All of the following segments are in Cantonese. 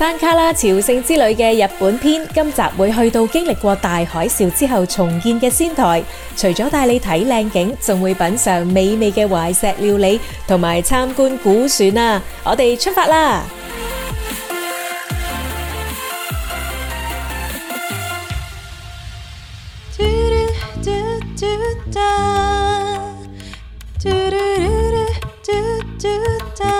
山旮旯朝聖之旅嘅日本篇，今集會去到經歷過大海嘯之後重建嘅仙台，除咗帶你睇靚景，仲會品嘗美味嘅懷石料理，同埋參觀古船啊！我哋出發啦！Do do do do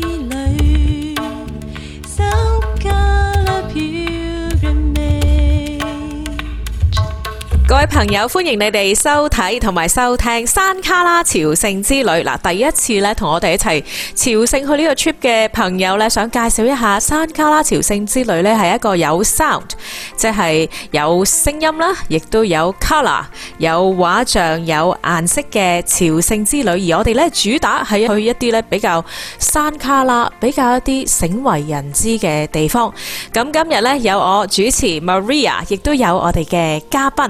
朋友歡迎你哋收睇同埋收聽山旮旯朝聖之旅嗱，第一次咧，同我哋一齊朝聖去呢個 trip 嘅朋友咧，想介紹一下山旮旯朝聖之旅咧係一個有 sound 即係有聲音啦，亦都有 color 有畫像有顏色嘅朝聖之旅。而我哋咧主打係去一啲咧比較山旮旯比較一啲鮮為人知嘅地方。咁今日咧有我主持 Maria，亦都有我哋嘅嘉賓。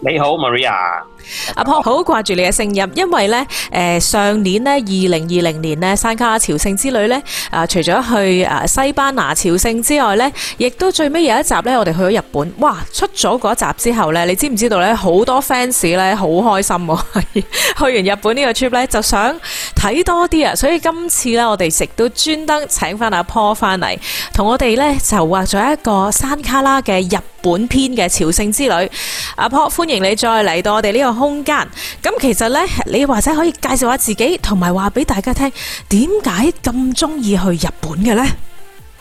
你好，Maria。阿 Paul 好掛住你嘅生日，因為呢，誒、呃、上年呢，二零二零年呢，山卡拉朝聖之旅呢，啊、呃，除咗去誒西班牙朝聖之外呢，亦都最尾有一集呢，我哋去咗日本。哇，出咗嗰集之後呢，你知唔知道呢？好多 fans 呢，好開心啊！ 去完日本呢個 trip 呢，就想睇多啲啊，所以今次呢，我哋食都專登請翻阿 Paul 翻嚟，同我哋呢，就畫咗一個山卡拉嘅日本篇嘅朝聖之旅。阿 Paul，歡迎。歡迎你再嚟到我哋呢個空間。咁其實呢，你或者可以介紹下自己，同埋話俾大家聽，點解咁中意去日本嘅呢？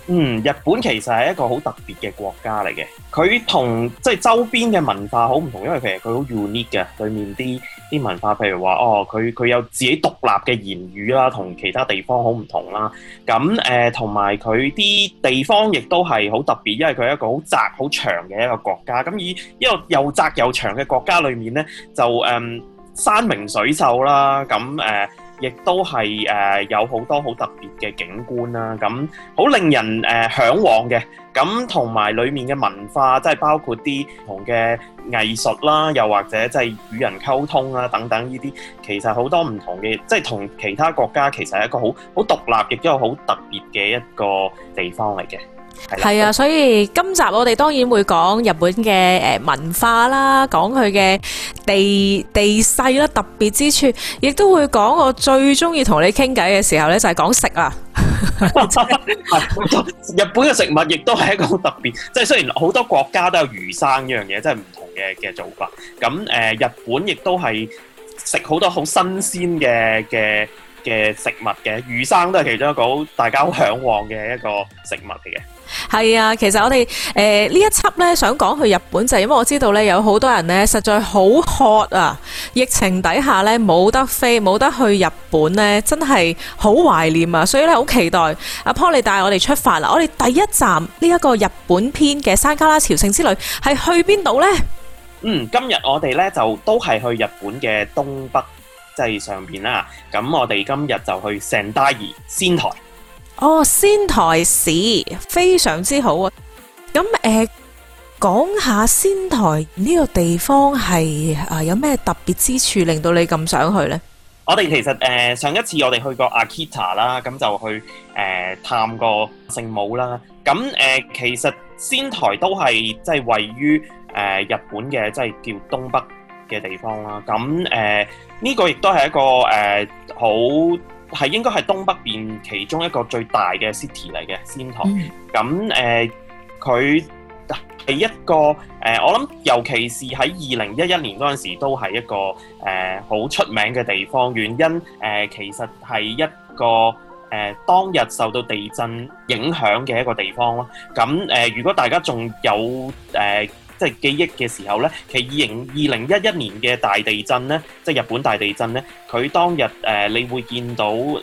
嗯，日本其實係一個好特別嘅國家嚟嘅。佢同即係周邊嘅文化好唔同，因為其實佢好 unique 嘅，對面啲。啲文化，譬如話哦，佢佢有自己獨立嘅言語啦，同其他地方好唔同啦。咁誒，同埋佢啲地方亦都係好特別，因為佢係一個好窄好長嘅一個國家。咁以一個又窄又長嘅國家裏面咧，就誒、嗯、山明水秀啦。咁誒。呃亦都係誒有好多好特別嘅景觀啦，咁好令人誒嚮往嘅，咁同埋裏面嘅文化，即係包括啲唔同嘅藝術啦，又或者即係與人溝通啊等等呢啲，其實好多唔同嘅，即係同其他國家其實係一個好好獨立亦都有好特別嘅一個地方嚟嘅。係啊，所以今集我哋當然會講日本嘅誒文化啦，講佢嘅地地勢啦，特別之處，亦都會講我最中意同你傾偈嘅時候咧，就係講食啊。日本嘅食物亦都係一個好特別，即係雖然好多國家都有魚生呢樣嘢，即係唔同嘅嘅做法。咁誒，日本亦都係食好多好新鮮嘅嘅嘅食物嘅，魚生都係其中一個好大家好向往嘅一個食物嚟嘅。係啊，其實我哋誒呢一輯咧想講去日本就係因為我知道咧有好多人咧實在好渴啊，疫情底下咧冇得飛冇得去日本咧，真係好懷念啊，所以咧好期待阿 Paul 你帶我哋出發啦！我哋第一站呢一個日本篇嘅山旮旯朝聖之旅係去邊度咧？嗯，今日我哋咧就都係去日本嘅東北即係上邊啦，咁我哋今日就去 Sendai 仙台。哦，仙台市非常之好啊！咁誒，講、呃、下仙台呢個地方係啊、呃，有咩特別之處令到你咁想去呢？我哋其實誒、呃，上一次我哋去過 Akita 啦，咁就去誒、呃、探個聖母啦。咁誒、呃，其實仙台都係即係位於誒、呃、日本嘅即係叫東北嘅地方啦。咁誒，呢、呃這個亦都係一個誒好。呃很係應該係東北邊其中一個最大嘅 city 嚟嘅仙台。咁誒，佢、呃、係一個誒、呃，我諗尤其是喺二零一一年嗰陣時，都係一個誒好、呃、出名嘅地方。原因誒、呃、其實係一個誒、呃、當日受到地震影響嘅一個地方咯。咁誒、呃，如果大家仲有誒。呃即係記憶嘅時候呢，其實二零二零一一年嘅大地震呢，即係日本大地震呢，佢當日誒、呃，你會見到誒，佢、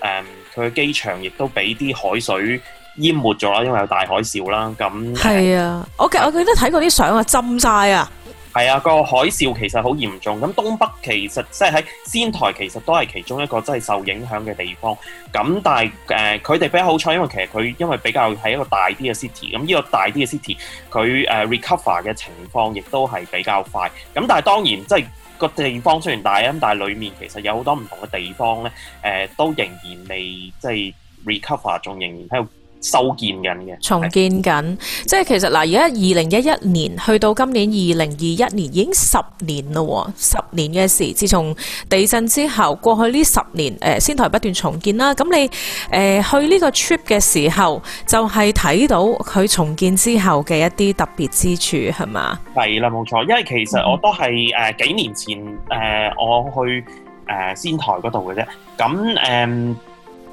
呃、嘅機場亦都俾啲海水淹沒咗啦，因為有大海嘯啦，咁係啊，我、呃、我記得睇過啲相啊，浸晒啊！係啊，個海嘯其實好嚴重。咁東北其實即係喺仙台，其實都係其中一個真係受影響嘅地方。咁但係誒，佢哋比較好彩，因為其實佢因為比較係一個大啲嘅 city。咁呢個大啲嘅 city，佢誒 recover 嘅情況亦都係比較快。咁但係當然，即係、個地方雖然大咁，但係裡面其實有好多唔同嘅地方咧，誒、呃、都仍然未即係 recover，仲仍然喺度。修建緊嘅，重建緊，即係其實嗱，而家二零一一年去到今年二零二一年，已經十年咯，十年嘅事，自從地震之後，過去呢十年，誒、呃、仙台不斷重建啦。咁你誒、呃、去呢個 trip 嘅時候，就係、是、睇到佢重建之後嘅一啲特別之處，係嘛？係啦，冇錯，因為其實我都係誒、呃、幾年前誒、呃、我去誒、呃、仙台嗰度嘅啫。咁誒，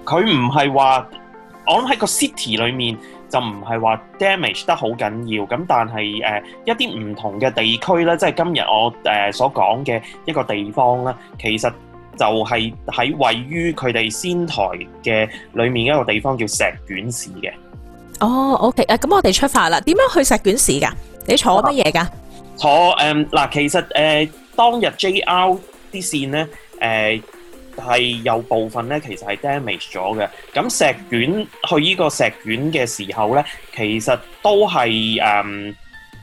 佢唔係話。我諗喺個 city 裏面就唔係話 damage 得好緊要咁，但係誒、呃、一啲唔同嘅地區咧，即係今日我誒、呃、所講嘅一個地方咧，其實就係喺位於佢哋仙台嘅裏面一個地方叫石卷市嘅。哦、oh，OK，誒、啊，咁我哋出發啦，點樣去石卷市噶？你坐乜嘢噶？坐誒，嗱、呃，其實誒、呃、當日 JR 啲線咧，誒、呃。係有部分咧，其實係 damage 咗嘅。咁石卷去呢個石卷嘅時候咧，其實都係誒。嗯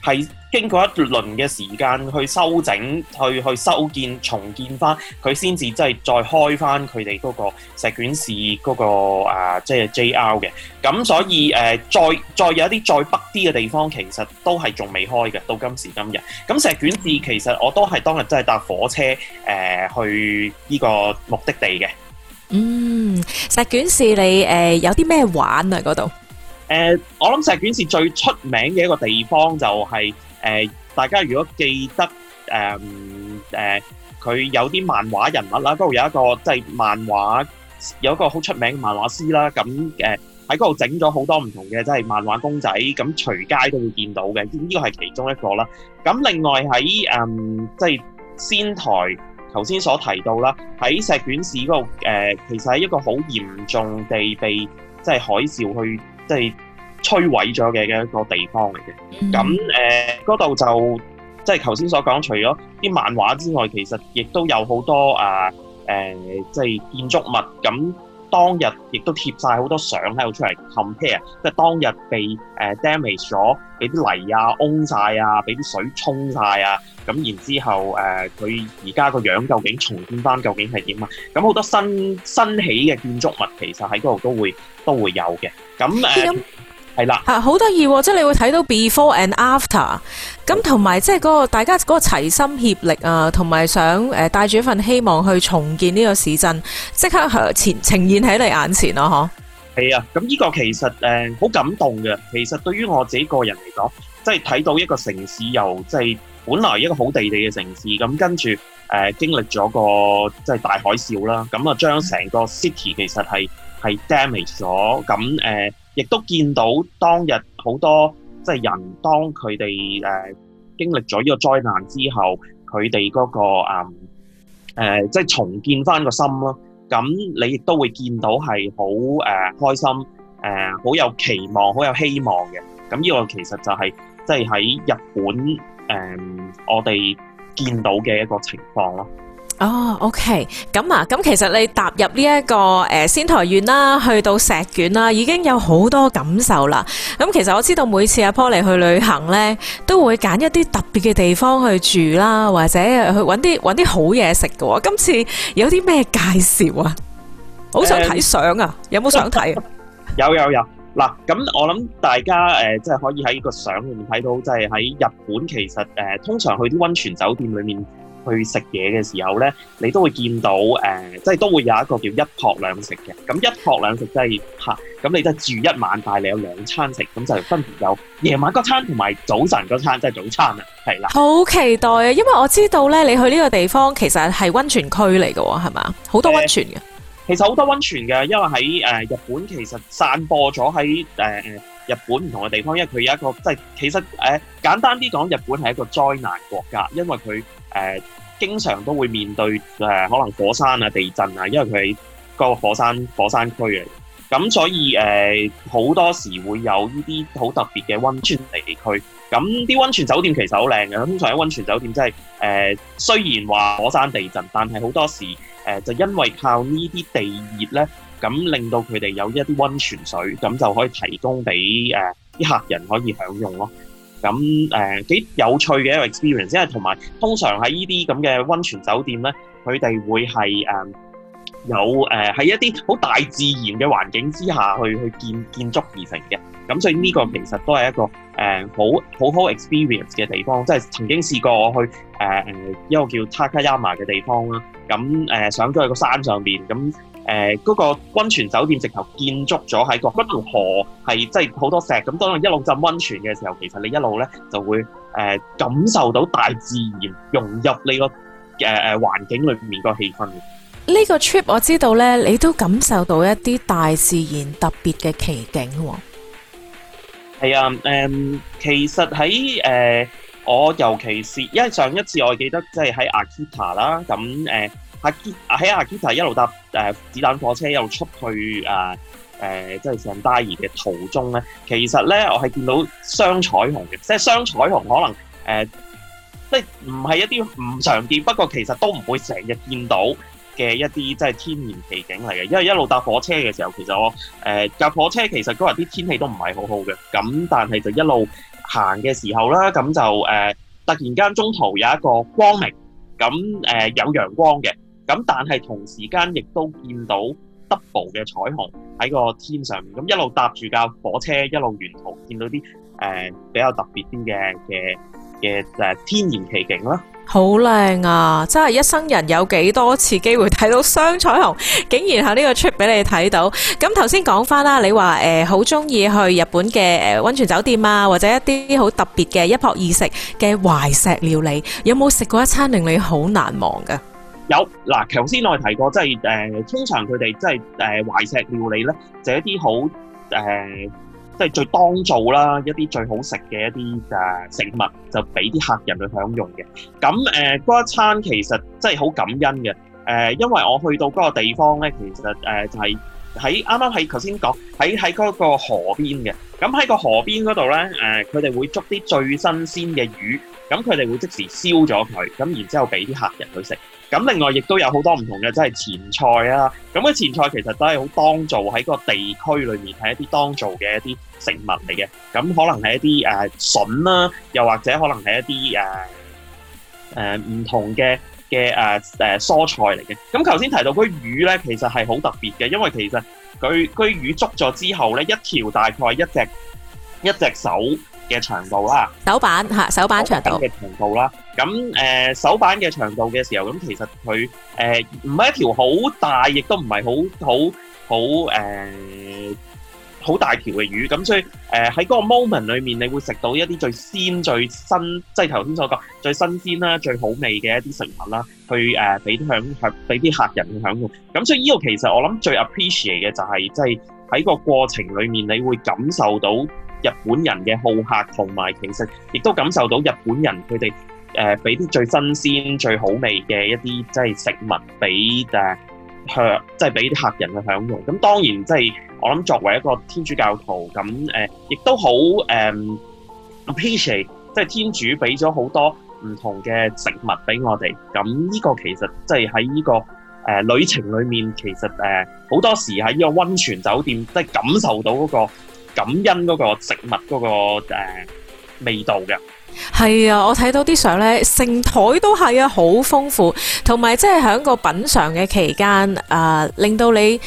係經過一輪嘅時間去修整，去去修建、重建翻，佢先至即係再開翻佢哋嗰個石卷市嗰、那個啊，即係 JR 嘅。咁所以誒、呃，再再有啲再北啲嘅地方，其實都係仲未開嘅。到今時今日，咁石卷市其實我都係當日真係搭火車誒、呃、去呢個目的地嘅。嗯，石卷市你誒、呃、有啲咩玩啊？嗰度？誒，我諗石卷市最出名嘅一個地方就係誒，大家如果記得誒誒，佢有啲漫畫人物啦，嗰度有一個即係漫畫，有一個好出名嘅漫畫師啦，咁誒喺嗰度整咗好多唔同嘅即係漫畫公仔，咁隨街都會見到嘅。呢個係其中一個啦。咁另外喺誒即係仙台，頭先所提到啦，喺石卷市嗰度誒，其實係一個好嚴重地被即係海嘯去。即係摧毀咗嘅嘅一個地方嚟嘅，咁誒嗰度就即係頭先所講，除咗啲漫畫之外，其實亦都有好多啊誒、呃呃，即係建築物。咁當日亦都貼晒好多相喺度出嚟 compare，即係當日被誒 damage 咗，俾啲泥啊，崩晒啊，俾啲水沖晒啊。咁然之後誒，佢而家個樣究竟重建翻，究竟係點啊？咁好多新新起嘅建築物，其實喺嗰度都會。都會有嘅，咁誒係啦，啊好得意喎！即係你會睇到 before and after，咁同埋即係嗰個大家嗰個齊心協力啊，同埋想誒帶住一份希望去重建呢個市鎮，即刻誒呈呈，呈，呈，呈現喺你眼前咯，嗬，係啊，咁、嗯、呢、啊、個其實誒好、呃、感動嘅。其實對於我自己個人嚟講，即係睇到一個城市又即係本來一個好地地嘅城市，咁跟住誒經歷咗個即係、就是、大海嘯啦，咁啊將成個 city 其實係。係 damage 咗，咁、呃、亦都見到當日好多即係人，當佢哋、呃、經歷咗呢個災難之後，佢哋嗰個、呃、即係重建翻個心咯。咁你亦都會見到係好誒開心，呃、好有期望，好有希望嘅。咁呢個其實就係、係、即係喺日本誒、呃、我哋見到嘅一個情況咯。哦，OK，咁啊，咁其實你踏入呢一個誒仙台縣啦，去到石卷啦，已經有好多感受啦。咁其實我知道每次阿 Paul 嚟去旅行呢，都會揀一啲特別嘅地方去住啦，或者去搵啲搵啲好嘢食嘅。今次有啲咩介紹啊？好想睇相啊！有冇想睇啊？有有有，嗱，咁我諗大家誒，即係可以喺個相裏面睇到，即係喺日本其實誒，通常去啲温泉酒店裏面。去食嘢嘅時候呢，你都會見到誒、呃，即係都會有一個叫一託兩食嘅。咁一託兩食即係嚇，咁你即住一晚，但係你有兩餐食，咁就分別有夜晚嗰餐同埋早晨嗰、就是、餐，即係早餐係啦。好期待啊！因為我知道呢，你去呢個地方其實係温泉區嚟嘅，係嘛？好多温泉嘅、呃。其實好多温泉嘅，因為喺、呃、日本其實散播咗喺、呃、日本唔同嘅地方，因為佢有一個即係其實誒、呃、簡單啲講，日本係一個災難國家，因為佢誒。呃經常都會面對誒、呃、可能火山啊、地震啊，因為佢係個火山火山區嚟，咁所以誒好、呃、多時會有呢啲好特別嘅温泉地區。咁啲温泉酒店其實好靚嘅，通常喺温泉酒店即係誒雖然話火山地震，但係好多時誒、呃、就因為靠呢啲地熱咧，咁令到佢哋有一啲溫泉水，咁就可以提供俾誒啲客人可以享用咯。咁誒幾有趣嘅一個 experience，因為同埋通常喺呢啲咁嘅温泉酒店咧，佢哋會係誒、呃、有誒喺、呃、一啲好大自然嘅環境之下去去建建築而成嘅。咁所以呢個其實都係一個誒、呃、好好好 experience 嘅地方。即、就、係、是、曾經試過我去誒誒、呃、一個叫 Takayama 嘅地方啦。咁誒、呃、上咗去個山上邊咁。誒、呃、嗰、那個温泉酒店直頭建築咗喺個，嗰條河係即係好多石咁，當你一路浸温泉嘅時候，其實你一路咧就會誒、呃、感受到大自然融入你個誒誒環境裏面個氣氛。呢、這個 trip 我知道咧，你都感受到一啲大自然特別嘅奇景喎、哦。係啊，誒、呃，其實喺誒、呃，我尤其是因為上一次我記得即係喺 Akita 啦，咁、呃、誒。阿吉阿喺阿吉提一路搭誒子彈火車，一路出去誒誒、呃，即係仙台嘅途中咧。其實咧，我係見到雙彩虹嘅，即係雙彩虹可能誒、呃，即係唔係一啲唔常見，不過其實都唔會成日見到嘅一啲即係天然奇景嚟嘅。因為一路搭火車嘅時候，其實我誒搭、呃、火車其實都話嗰日啲天氣都唔係好好嘅，咁但係就一路行嘅時候啦，咁就誒、呃、突然間中途有一個光明，咁誒、呃、有陽光嘅。咁，但係同時間亦都見到 double 嘅彩虹喺個天上面，咁一路搭住架火車，一路沿途見到啲誒、呃、比較特別啲嘅嘅嘅誒天然奇景咯，好靚啊！真係一生人有幾多次機會睇到雙彩虹，竟然喺呢個 trip 俾你睇到。咁頭先講翻啦，你話誒好中意去日本嘅誒溫泉酒店啊，或者一啲好特別嘅一泊二食嘅懷石料理，有冇食過一餐令你好難忘㗎？有嗱，頭先我係提過，即係誒，通常佢哋即係誒，懷石料理咧，就是、一啲好誒，即、呃、係、就是、最當造啦，一啲最好食嘅一啲誒食物，就俾啲客人去享用嘅。咁誒嗰一餐其實真係好感恩嘅。誒、呃，因為我去到嗰個地方咧，其實誒、呃、就係喺啱啱係頭先講喺喺嗰個河邊嘅。咁喺個河邊嗰度咧，誒佢哋會捉啲最新鮮嘅魚，咁佢哋會即時燒咗佢，咁然之後俾啲客人去食。咁另外亦都有好多唔同嘅，即係前菜啊！咁嘅前菜其實都係好當造喺個地區裏面係一啲當造嘅一啲食物嚟嘅。咁可能係一啲誒、啊、筍啦、啊，又或者可能係一啲誒唔同嘅嘅誒蔬菜嚟嘅。咁頭先提到居魚咧，其實係好特別嘅，因為其實佢佢魚捉咗之後咧，一條大概一隻一隻手。嘅長度啦，手板嚇手板長度嘅長度啦，咁誒、呃、手板嘅長度嘅時候，咁其實佢誒唔係一條好大，亦都唔係好好好誒好大條嘅魚，咁所以誒喺嗰個 moment 裏面，你會食到一啲最鮮、最新，即係頭先所講最新鮮啦、最好味嘅一啲食物啦，去誒俾啲享享，俾、呃、啲客人去享用。咁所以呢個其實我諗最 appreciate 嘅就係即係喺個過程裏面，你會感受到。日本人嘅好客同埋，其實亦都感受到日本人佢哋誒俾啲最新鮮、最好味嘅一啲即係食物俾誒客，即係俾啲客人嘅享用。咁當然即係、就是、我諗作為一個天主教徒，咁誒亦都好誒，appreciate 即係天主俾咗好多唔同嘅食物俾我哋。咁呢個其實即係喺呢個誒、呃、旅程裏面，其實誒好、呃、多時喺呢個溫泉酒店，即、就、係、是、感受到嗰、那個。感恩嗰個食物嗰個誒味道嘅，係啊！我睇到啲相咧，成枱都係啊，好豐富，同埋即係喺個品嚐嘅期間啊，令到你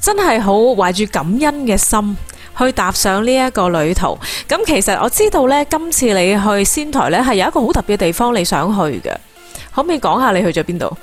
真係好懷住感恩嘅心去踏上呢一個旅途。咁其實我知道咧，今次你去仙台咧，係有一個好特別嘅地方你想去嘅，可唔可以講下你去咗邊度？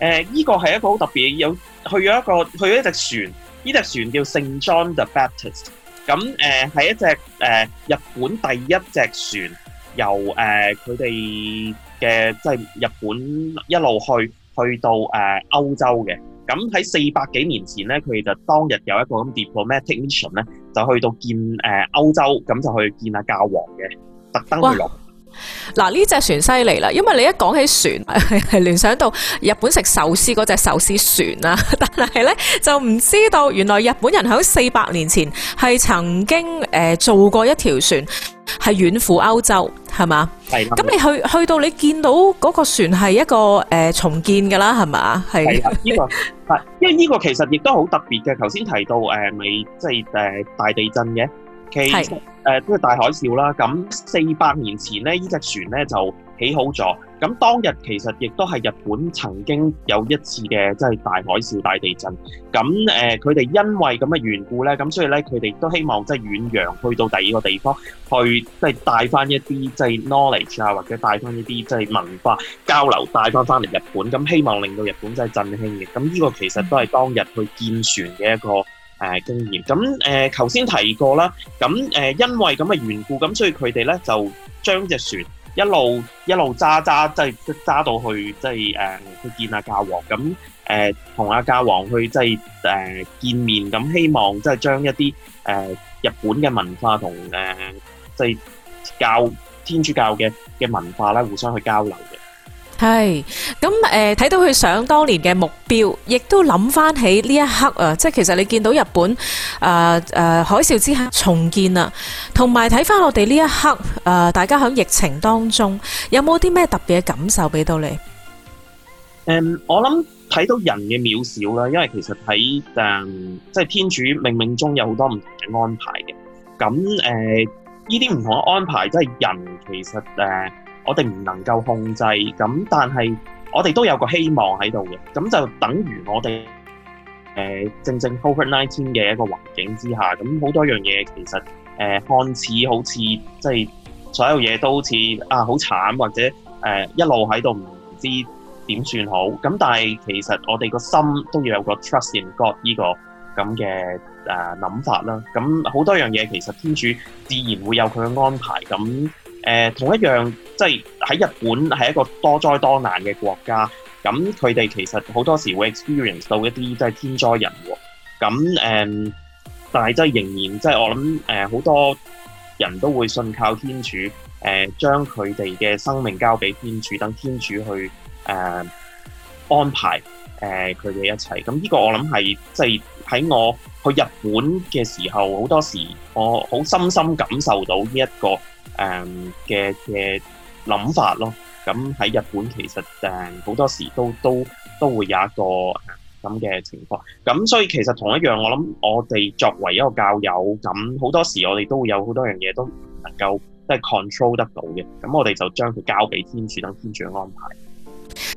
誒，呢個係一個好特別，有去咗一個去咗一隻船，呢隻船叫聖 John the Baptist。咁誒係一隻誒日本第一隻船，由誒佢哋嘅即係日本一路去去到誒歐洲嘅。咁喺四百幾年前咧，佢哋就當日有一個咁 diplomatic mission 咧，就去到見誒歐洲，咁就去見阿教皇嘅，特登去落。嗱，呢隻船犀利啦，因為你一講起船，係聯想到日本食壽司嗰隻壽司船啦，但係咧就唔知道，原來日本人喺四百年前係曾經誒、呃、做過一條船，係遠赴歐洲，係嘛？係。咁你去去到你見到嗰個船係一個誒、呃、重建噶啦，係咪？係。呢、 這個係，因為呢個其實亦都好特別嘅。頭先提到誒，咪即係誒大地震嘅。其實都係、呃即係、大海嘯啦。咁四百年前呢船呢隻船咧就起好咗。咁當日其實亦都係日本曾經有一次嘅即係大海嘯、大地震。咁誒，呃、佢哋因為咁嘅緣故咧，咁所以咧佢哋都希望即係遠洋去到第二個地方，去即係帶翻一啲即係 knowledge 啊，或者帶翻一啲即係文化交流，帶翻翻嚟日本。咁希望令到日本真係振興嘅。咁呢個其實都係當日去建船嘅一個。誒經驗咁誒，頭先提過啦。咁誒，因為咁嘅緣故，咁所以佢哋呢就將隻船一路一路揸揸，即係揸到去，即係誒去見阿教皇。咁誒同阿教皇去即係誒見面，咁希望即係將一啲誒、呃、日本嘅文化同誒即係教天主教嘅嘅文化呢互相去交流嘅。係，咁誒，睇到佢想當年嘅目標，亦都諗翻起呢一刻啊！即係其實你見到日本誒誒海嘯之後重建啦，同埋睇翻我哋呢一刻誒，大家喺疫情當中有冇啲咩特別嘅感受俾到你？誒，我諗睇到人嘅渺小啦，因為其實喺誒即係天主命令中有好多唔同嘅安排嘅。咁誒，呢啲唔同嘅安排，即係人其實誒。我哋唔能夠控制，咁但係我哋都有個希望喺度嘅，咁就等於我哋誒、呃、正正 COVID-19 嘅一個環境之下，咁好多樣嘢其實誒、呃、看似好似即係所有嘢都好似啊好慘，或者誒、呃、一路喺度唔知點算好，咁但係其實我哋個心都要有個 trust in God 呢個咁嘅誒諗法啦。咁好多樣嘢其實天主自然會有佢嘅安排咁。誒同一樣，即係喺日本係一個多災多難嘅國家，咁佢哋其實好多時會 experience 到一啲即係天災人禍，咁誒、嗯，但係即係仍然即係、就是、我諗誒，好、呃、多人都會信靠天主，誒、呃、將佢哋嘅生命交俾天主，等天主去誒、呃、安排誒佢哋一切。咁呢個我諗係即係喺我去日本嘅時候，好多時我好深深感受到呢、這、一個。誒嘅嘅諗法咯，咁喺日本其實誒好多時都都都會有一個咁嘅情況，咁所以其實同一樣我諗我哋作為一個教友，咁好多時我哋都會有好多樣嘢都能夠即係 control 得到嘅，咁我哋就將佢交俾天主，等天主安排。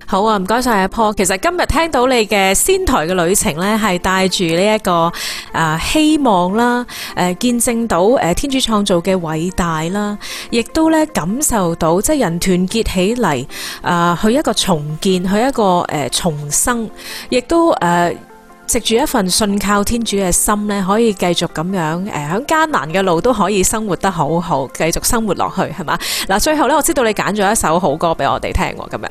好啊，唔該晒阿 Paul。其實今日聽到你嘅仙台嘅旅程呢，係帶住呢一個啊、呃、希望啦，誒、呃、見證到誒、呃、天主創造嘅偉大啦，亦都呢感受到即係人團結起嚟啊、呃、去一個重建，去一個誒、呃、重生，亦都誒、呃、藉住一份信靠天主嘅心呢，可以繼續咁樣誒喺、呃、艱難嘅路都可以生活得好好，繼續生活落去係嘛嗱。最後呢，我知道你揀咗一首好歌俾我哋聽咁樣。今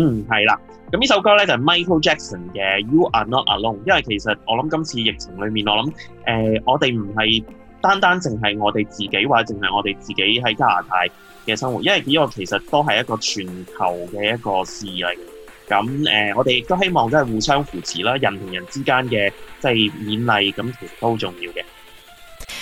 嗯，係啦，咁呢首歌咧就係、是、Michael Jackson 嘅 You Are Not Alone。因為其實我諗今次疫情裏面，我諗誒、呃、我哋唔係單單淨係我哋自己或者淨係我哋自己喺加拿大嘅生活，因為呢個其實都係一個全球嘅一個事嚟嘅咁誒，我哋亦都希望即係互相扶持啦，人同人之間嘅即係勉勵，咁、就是、其實都好重要嘅。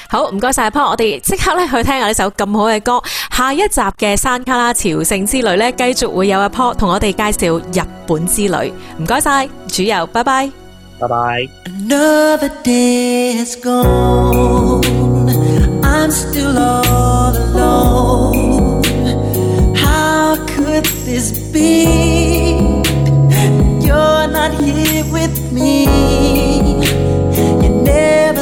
好，唔該晒阿 Paul，我哋即刻咧去聽下呢首咁好嘅歌。下一集嘅山旮旯朝聖之旅咧，繼續會有阿 Paul 同我哋介紹日本之旅。唔該晒，主游，拜拜，拜拜。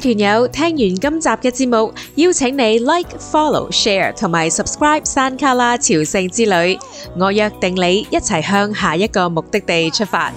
團友聽完今集嘅節目，邀請你 Like、Follow、Share 同埋 Subscribe 山旮旯朝聖之旅，我約定你一齊向下一個目的地出發。